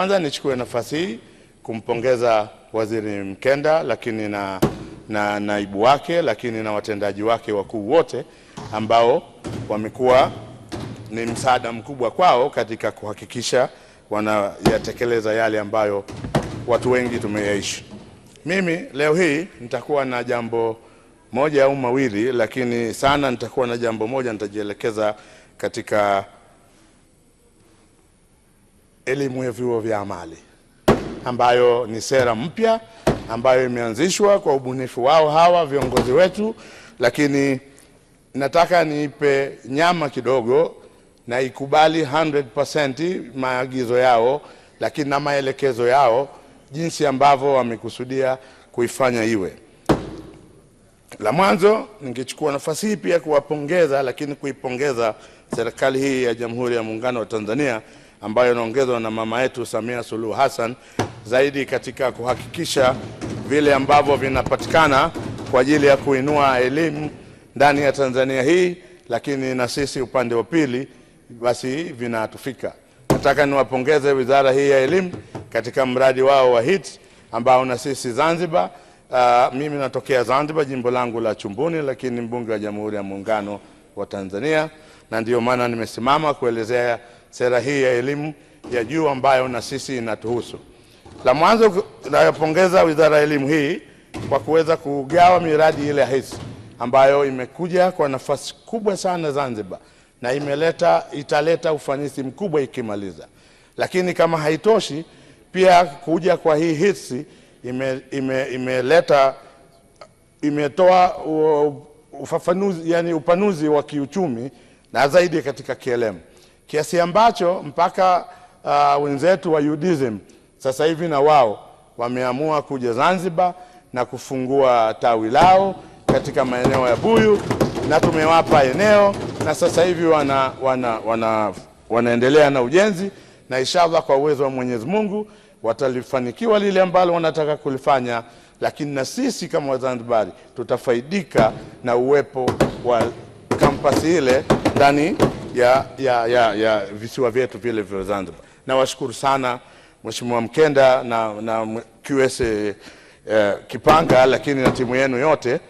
Kwanza nichukue nafasi hii kumpongeza Waziri Mkenda lakini na, na naibu wake lakini na watendaji wake wakuu wote ambao wamekuwa ni msaada mkubwa kwao katika kuhakikisha wanayatekeleza yale ambayo watu wengi tumeyaishi. Mimi leo hii nitakuwa na jambo moja au mawili, lakini sana nitakuwa na jambo moja, nitajielekeza katika elimu ya vyuo vya amali ambayo ni sera mpya ambayo imeanzishwa kwa ubunifu wao hawa viongozi wetu, lakini nataka niipe nyama kidogo na ikubali 100% maagizo yao, lakini na maelekezo yao jinsi ambavyo wamekusudia kuifanya iwe. La mwanzo, ningechukua nafasi hii pia kuwapongeza, lakini kuipongeza serikali hii ya Jamhuri ya Muungano wa Tanzania ambayo inaongezwa na mama yetu Samia Suluhu Hassan zaidi katika kuhakikisha vile ambavyo vinapatikana kwa ajili ya kuinua elimu ndani ya Tanzania hii, lakini na sisi upande wa pili basi vinatufika. Nataka niwapongeze wizara hii ya elimu katika mradi wao wa HIT ambao na sisi Zanzibar Uh, mimi natokea Zanzibar, jimbo langu la Chumbuni, lakini mbunge wa Jamhuri ya Muungano wa Tanzania, na ndio maana nimesimama kuelezea sera hii ya elimu ya juu ambayo na sisi inatuhusu. La mwanzo nayopongeza wizara ya elimu hii kwa kuweza kugawa miradi ile ya hisi e ambayo imekuja kwa nafasi kubwa sana Zanzibar na imeleta italeta ufanisi mkubwa ikimaliza. Lakini kama haitoshi, pia kuja kwa hii hisi e ime, ime, imetoa ufafanuzi yani upanuzi wa kiuchumi na zaidi katika kielimu kiasi ambacho mpaka uh, wenzetu wa UDSM sasa hivi na wao wameamua kuja Zanzibar na kufungua tawi lao katika maeneo ya Buyu na tumewapa eneo na sasa hivi wana, wana, wana, wanaendelea na ujenzi na inshallah kwa uwezo wa Mwenyezi Mungu watalifanikiwa lile ambalo wanataka kulifanya, lakini na sisi kama Wazanzibari tutafaidika na uwepo wa kampasi ile ndani ya, ya, ya, ya visiwa vyetu vile vya Zanzibar. Nawashukuru sana Mheshimiwa Mkenda na, na QS eh, Kipanga, lakini na timu yenu yote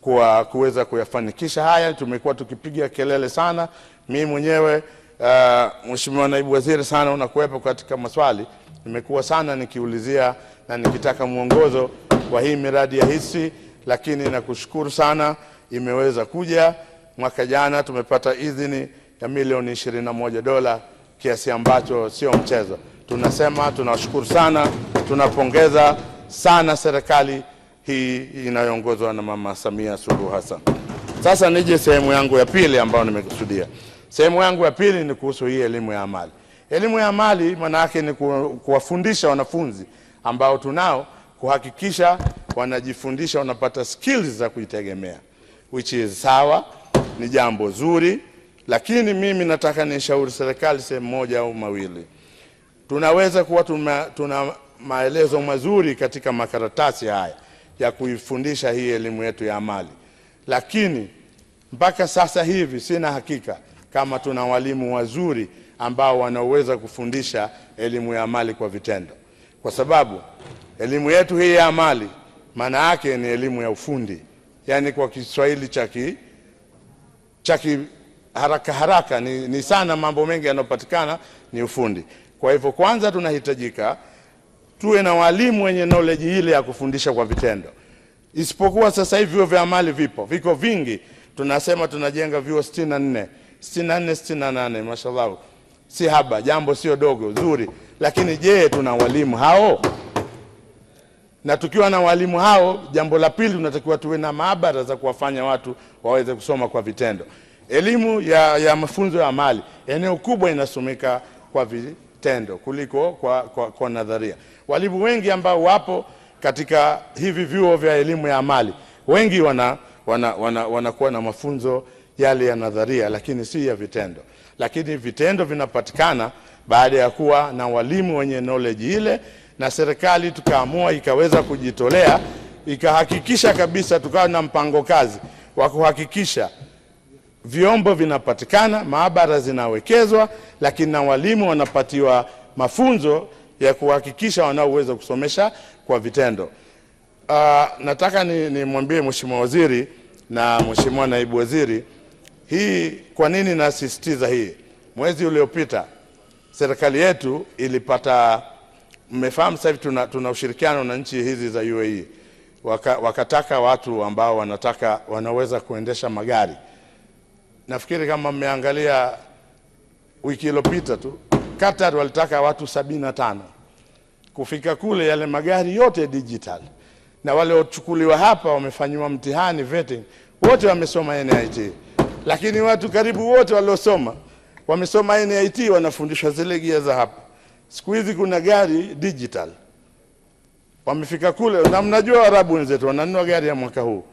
kwa kuweza kuyafanikisha haya. Tumekuwa tukipiga kelele sana, mimi mwenyewe uh, Mheshimiwa naibu waziri sana unakuwepo katika maswali, nimekuwa sana nikiulizia na nikitaka mwongozo wa hii miradi ya hisi, lakini nakushukuru sana, imeweza kuja mwaka jana tumepata idhini ya milioni 21 dola, kiasi ambacho sio mchezo. Tunasema tunashukuru sana, tunapongeza sana serikali hii inayoongozwa na Mama Samia Suluhu Hassan. Sasa nije sehemu yangu ya pili ambayo nimekusudia. Sehemu yangu ya pili ni kuhusu hii elimu ya amali. Elimu ya amali maana yake ni kuwafundisha wanafunzi ambao tunao kuhakikisha wanajifundisha, wanapata skills za kujitegemea, which is sawa, ni jambo zuri lakini mimi nataka nishauri serikali sehemu moja au mawili, tunaweza kuwa tuna, tuna maelezo mazuri katika makaratasi haya ya kuifundisha hii elimu yetu ya amali, lakini mpaka sasa hivi sina hakika kama tuna walimu wazuri ambao wanaweza kufundisha elimu ya amali kwa vitendo, kwa sababu elimu yetu hii ya amali maana yake ni elimu ya ufundi, yaani kwa Kiswahili cha cha haraka haraka ni, ni sana mambo mengi yanayopatikana ni ufundi. Kwa hivyo, kwanza tunahitajika tuwe na walimu wenye knowledge ile ya kufundisha kwa vitendo, isipokuwa sasa hivi vyuo vya amali vipo viko vingi. Tunasema tunajenga vyuo 64 64 68, mashallah, si haba, jambo sio dogo, zuri. Lakini je, tuna walimu hao? Na tukiwa na walimu hao, jambo la pili, tunatakiwa tuwe na maabara za kuwafanya watu waweze kusoma kwa vitendo. Elimu ya, ya mafunzo ya amali eneo kubwa inasomeka kwa vitendo kuliko kwa, kwa, kwa nadharia. Walimu wengi ambao wapo katika hivi vyuo vya elimu ya amali wengi wana wanakuwa wana, wana na mafunzo yale ya nadharia, lakini si ya vitendo. Lakini vitendo vinapatikana baada ya kuwa na walimu wenye knowledge ile, na serikali tukaamua ikaweza kujitolea ikahakikisha kabisa, tukawa na mpango kazi wa kuhakikisha vyombo vinapatikana, maabara zinawekezwa, lakini na walimu wanapatiwa mafunzo ya kuhakikisha wanaoweza kusomesha kwa vitendo. Uh, nataka nimwambie ni Mheshimiwa Waziri na Mheshimiwa Naibu Waziri hii. Kwa nini nasisitiza hii? Mwezi uliopita serikali yetu ilipata, mmefahamu sasa hivi tuna, tuna ushirikiano na nchi hizi za UAE waka, wakataka watu ambao wanataka wanaweza kuendesha magari nafikiri kama mmeangalia wiki iliyopita tu Qatar walitaka watu sabini na tano kufika kule, yale magari yote digital, na waliochukuliwa hapa wamefanyiwa mtihani vetting, wote wamesoma NIT, lakini watu karibu wote waliosoma wamesoma NIT wanafundishwa zile gia za hapa. Siku hizi kuna gari digital, wamefika kule, na mnajua Arabu wenzetu wananua gari ya mwaka huu,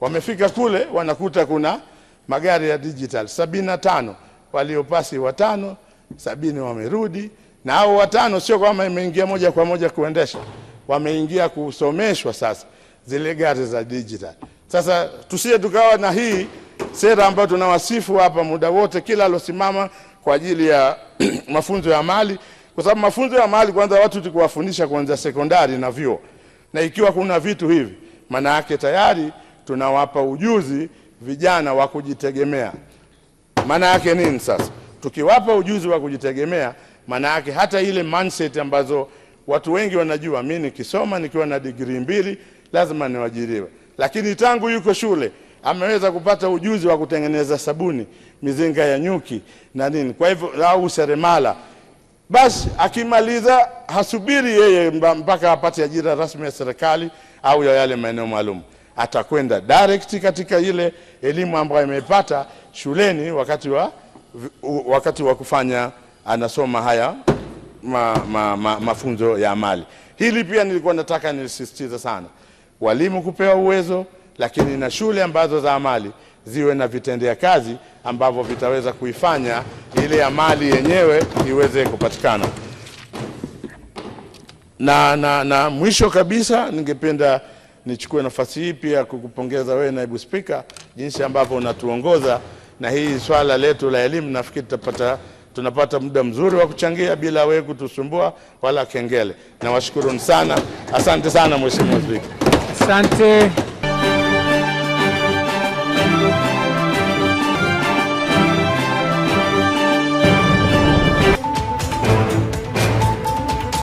wamefika kule wanakuta kuna magari ya digital sabini na tano waliopasi watano sabini wamerudi, na hao watano sio kwamba imeingia moja kwa moja kuendesha, wameingia kusomeshwa sasa zile gari za digital. Sasa tusije tukawa na hii sera ambayo tunawasifu hapa muda wote, kila alosimama kwa ajili ya mafunzo ya mali, kwa sababu mafunzo ya mali kwanza watu tukiwafundisha kwanza sekondari na vyuo, na ikiwa kuna vitu hivi, maana yake tayari tunawapa ujuzi vijana wa kujitegemea. Maana yake nini sasa? Tukiwapa ujuzi wa kujitegemea, maana yake hata ile mindset ambazo watu wengi wanajua, mi nikisoma nikiwa na degree mbili lazima niwajiriwe, lakini tangu yuko shule ameweza kupata ujuzi wa kutengeneza sabuni, mizinga ya nyuki na nini, kwa hivyo au seremala basi akimaliza hasubiri yeye mpaka apate ajira rasmi ya serikali au ya yale maeneo maalum atakwenda direct katika ile elimu ambayo amepata shuleni wakati wa, wakati wa kufanya anasoma haya ma, ma, ma, mafunzo ya amali. Hili pia nilikuwa nataka nisisitize sana, walimu kupewa uwezo, lakini na shule ambazo za amali ziwe na vitendea kazi ambavyo vitaweza kuifanya ile amali yenyewe iweze kupatikana. Na, na, na mwisho kabisa ningependa nichukue nafasi hii pia kukupongeza wewe naibu spika, jinsi ambavyo unatuongoza na hii swala letu la elimu. Nafikiri tutapata tunapata muda mzuri wa kuchangia bila wewe kutusumbua wala kengele. Nawashukuruni sana, asante sana Mheshimiwa Spika, asante.